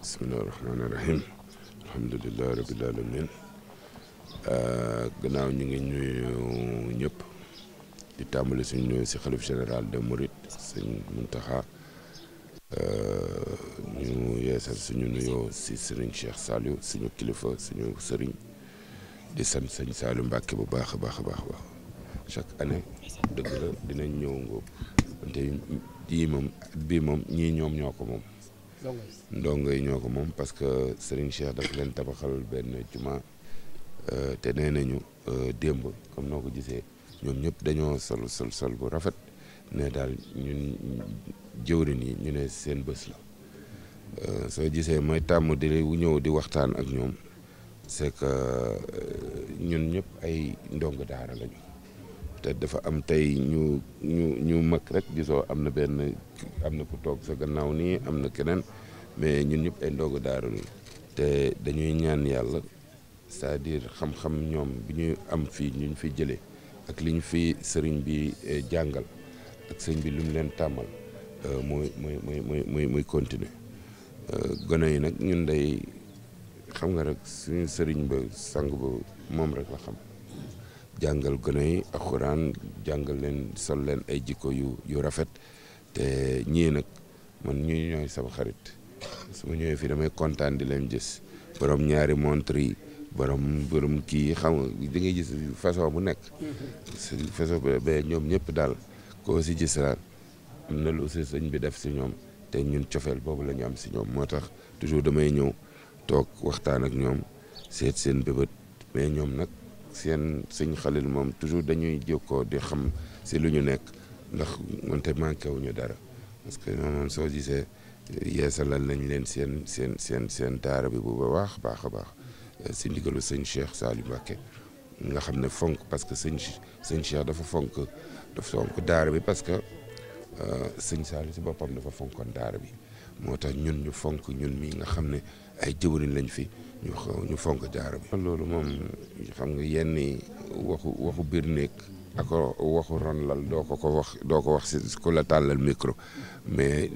bismillahi rahmaani rahim alhamdulilahi rabbil alamin euh, gannaaw ñu ngi nuyu ñëpp di tàmbali suñu nuyu si xalif général de Mouride sëñ Muntaxa euh, ñu yeesal suñu nuyoo si sëriñ Cheikh Saliou suñu kilifa suñu sëriñ di sant sëñ Saliou Mbàkke bu baax a baax a baax baax chaque année dëgg la dinañ ñëw ngóob wante yii moom bii moom ñii ñoom ñoo ko moom ndongo yi ñoo ko moom parce que Serigne Cheikh dafa leen tabaxal benn jumaa euh, te nee nañu euh, démb comme noo ko gisee ñoom ñëpp dañoo sol sol sol bu rafet ne daal ñun jëwrin yi ñu ne seen bés la euh, soo gisee mooy tàmm di wu ñëw di waxtaan ak ñoom c'est que ñun ñëpp ay ndong daara lañu te dafa am tey ñu ñu ñu mag rek gisoo am na benn am na ku toog sa gannaaw nii am na keneen mais ñun ñëpp ay ndoogu daaru ni te dañuy ñaan yàlla cest diir dire xam-xam ñoom bi ñu am fii ñu fi jëlee ak li ñu fi sëriñ bi eh, jàngal ak sëriñ bi lu mu leen tàmmal euh, muy muy muy muy muy muy continuer euh, gone yi nag ñun day xam nga rek suñu sëriñ ba sang ba moom rek la xam. jàngal gone yi alxuraan jàngal leen sol leen ay jikko yu yu rafet te ñii nag man ñuy ñooy sama xarit su ma ñëwee fii damay kontaan di leen gis borom ñaari montre yi borom borom kii xam nga di ngay gis façon bu nekk. façon ba ñoom ñëpp daal ko si gis daal am na lu si sëñ bi def si ñoom te ñun cofeel boobu la ñu am si ñoom moo tax toujours damay ñëw toog waxtaan ak ñoom seet seen bébët mais ñoom nag. seen sëñ Xalil moom toujours dañuy jokkoo di xam si lu ñu nekk ndax wante manqué ñu dara parce que moom soo gisee yeesalal nañ leen seen seen seen seen daara bi bu baax baax a baax si digalu sëñ Cheikh Saliou Mbacké nga xam ne fonk parce que sëñ sëñ dafa fonk dafa fonk daara bi parce que euh, sëñ Saliou si boppam dafa fonkoon daara bi moo tax ñun ñu fonk ñun mi nga xam ne ay jëwriñ lañ fi ñu ñu fonk jaara loolu moom xam nga yenn waxu waxu biir néeg ak waxu ron lal doo ko ko wax doo ko wax si ku la tàllal micro mais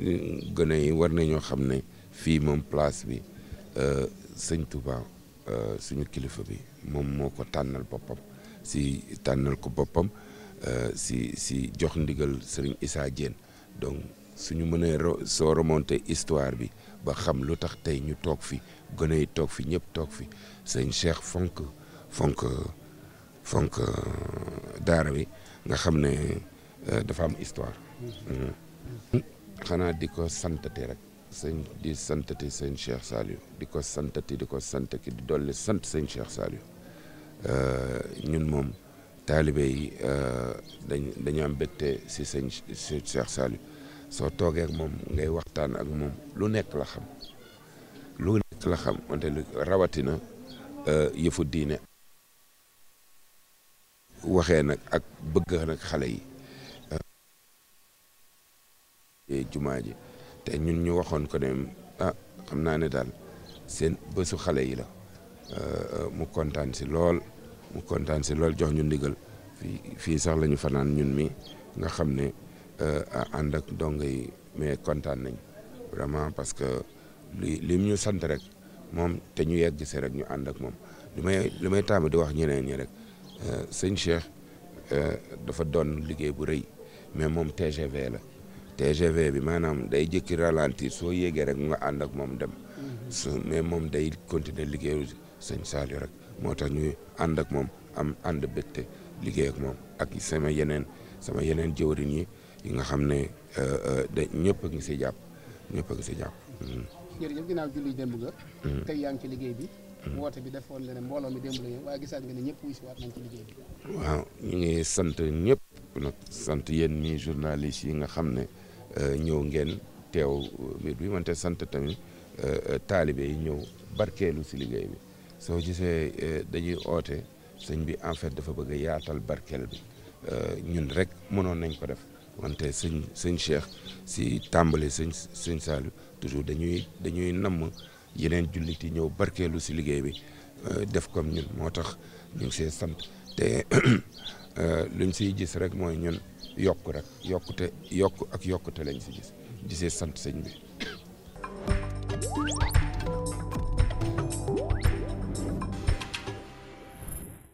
gën a war nañoo xam ne fii moom place bi euh, sëñ Touba euh, suñu kilifa bi moom moo ko tànnal boppam si tànnal ko boppam euh, si si jox ndigal sëriñ Issa Diène suñu mënee soo remonté histoire bi ba xam lu tax tey ñu toog fi gone yi toog fi ñëpp toog fi sëñ Cheikh fonk fonk fonk euh, daara bi nga xam ne euh, dafa am histoire. Mm-hmm. Mm-hmm. xanaa di ko santati rek. sëñ di santati sëñ Cheikh Saliou di ko santati di ko sant ki di dolli sant sëñ Cheikh Saliou euh, ñun moom taalibe yi dañ dañu am mbégte si sëñ Cheikh Saliou. soo toogee ak moom ngay waxtaan ak moom lu nekk la xam lu nekk la xam wante rawatina euh, yëfu diine waxee nag ak bëgg nag xale yi euh, jumaa ji te ñun ñu waxoon ko ne ah xam naa ne daal seen bésu xale yi la euh, mu kontaan si lool mu kontaan si lool jox ñu ndigal fii fii sax la fanaan ñun mi nga xam ne Euh, ànd ak dongo yi mais kontaan nañ vraiment parce que li lim ñu sant rek moom te ñu yegg si rek ñu ànd ak moom li may li may tàmm di wax ñeneen ñi rek euh, sëñ Cheikh euh, dafa doon liggéey bu rëy mais moom TGV la TGV bi maanaam day jëkki ralentir soo yéegee rek nga ànd ak moom dem su mais moom day continuer liggéeyu sëñ Saliou rek moo tax ñuy ànd ak moom am ànd bégte liggéey ak moom ak sama yeneen sama yeneen jëwriñ yi yi nga xam ne euh, euh, da ñëpp a ngi si jàpp ñëpp ngi si jàpp. Mm-hmm. jërëjëf ginnaaw julli démb nga. Mm-hmm. liggéey bi. Mm-hmm. woote bi defoon na ne mi démb la ñu waaye ñëpp wuyu si waat nañ ci liggéey bi. waaw ñu ngi sant ñëpp nag sant yéen ñii journaliste yi nga xam ne euh, ñëw ngeen teew mbir bi man te sant tamit taalibe yi ñëw barkeelu si liggéey bi soo gisee dañuy oote sëñ bi en fait dafa bëgg yaatal barkeel bi ñun rek mënoon nañ ko def. wante sëñ sëñ Cheikh si tàmbali sëñ sëñ Saliou toujours dañuy dañuy namm yeneen jullit yi ñëw barkeelu si liggéey bi euh, def comme ñun moo tax ñu see sant te euh, luñ siy gis rek mooy ñun yokk rek yokkute yokk ak yokkute lañ si gis di see sant sëñ bi.